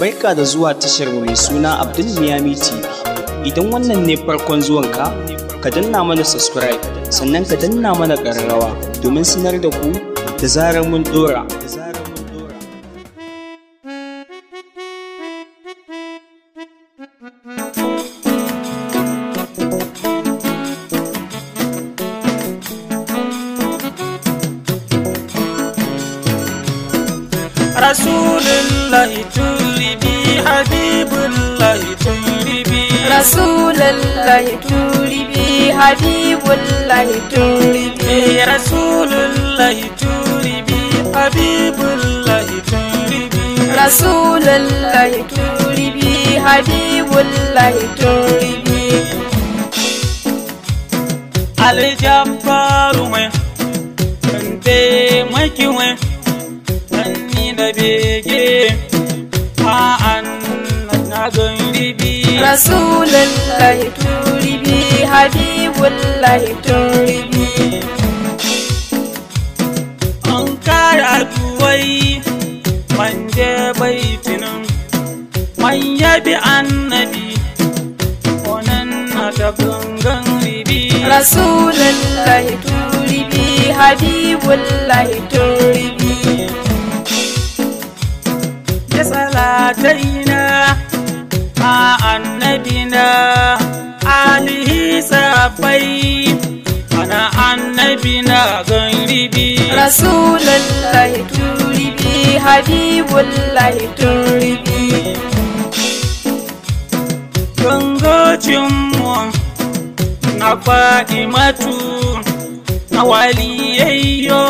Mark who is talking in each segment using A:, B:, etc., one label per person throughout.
A: Barka da zuwa tashar mai suna Abdul Miami TV. Idan wannan ne farkon zuwanka, ka danna mana subscribe sannan ka danna mana ƙararrawa domin sanar da ku da zarar mun dora. Rasulullah رسول الله توري بي حبيب الله توري بي رسول الله توري بي حبيب الله توري بي رسول الله توري بي حبيب الله توري بي علي جبار وين انت ما كي وين اني نبي rasulullahi turibi habibullahi turibi an kara duwai manje baitinin man yabi annabi onan na da gangan ribi rasulullahi turibi habibullahi turibi sahabbai ana annabi na ganribi rasulullahi turibi habibullahi turibi gangocinmu na fa'imatu na waliyayyo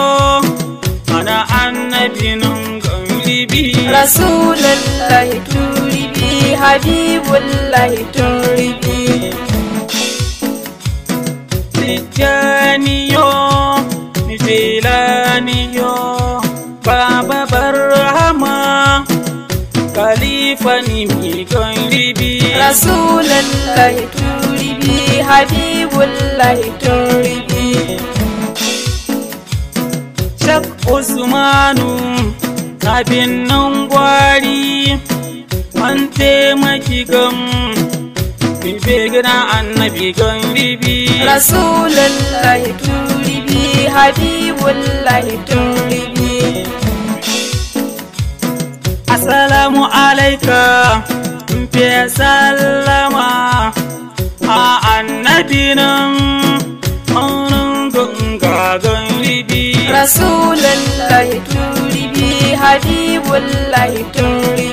A: ana annabi nan ganribi rasulullahi turibi habibullahi turibi tijjaniyo Nijilaniyo baba Barahama khalifa ni mi ribi turibi habibullahi turibi Chak usmanu abin Nangwari gwari an taimaki gamu bibigina annabi gan bibi rasulullahi tun bibi habibullahi tun bibi assalamu alaika fe sallama a annabinan maunin gungagen ribi rasulullahi tun ribi habibullahi tun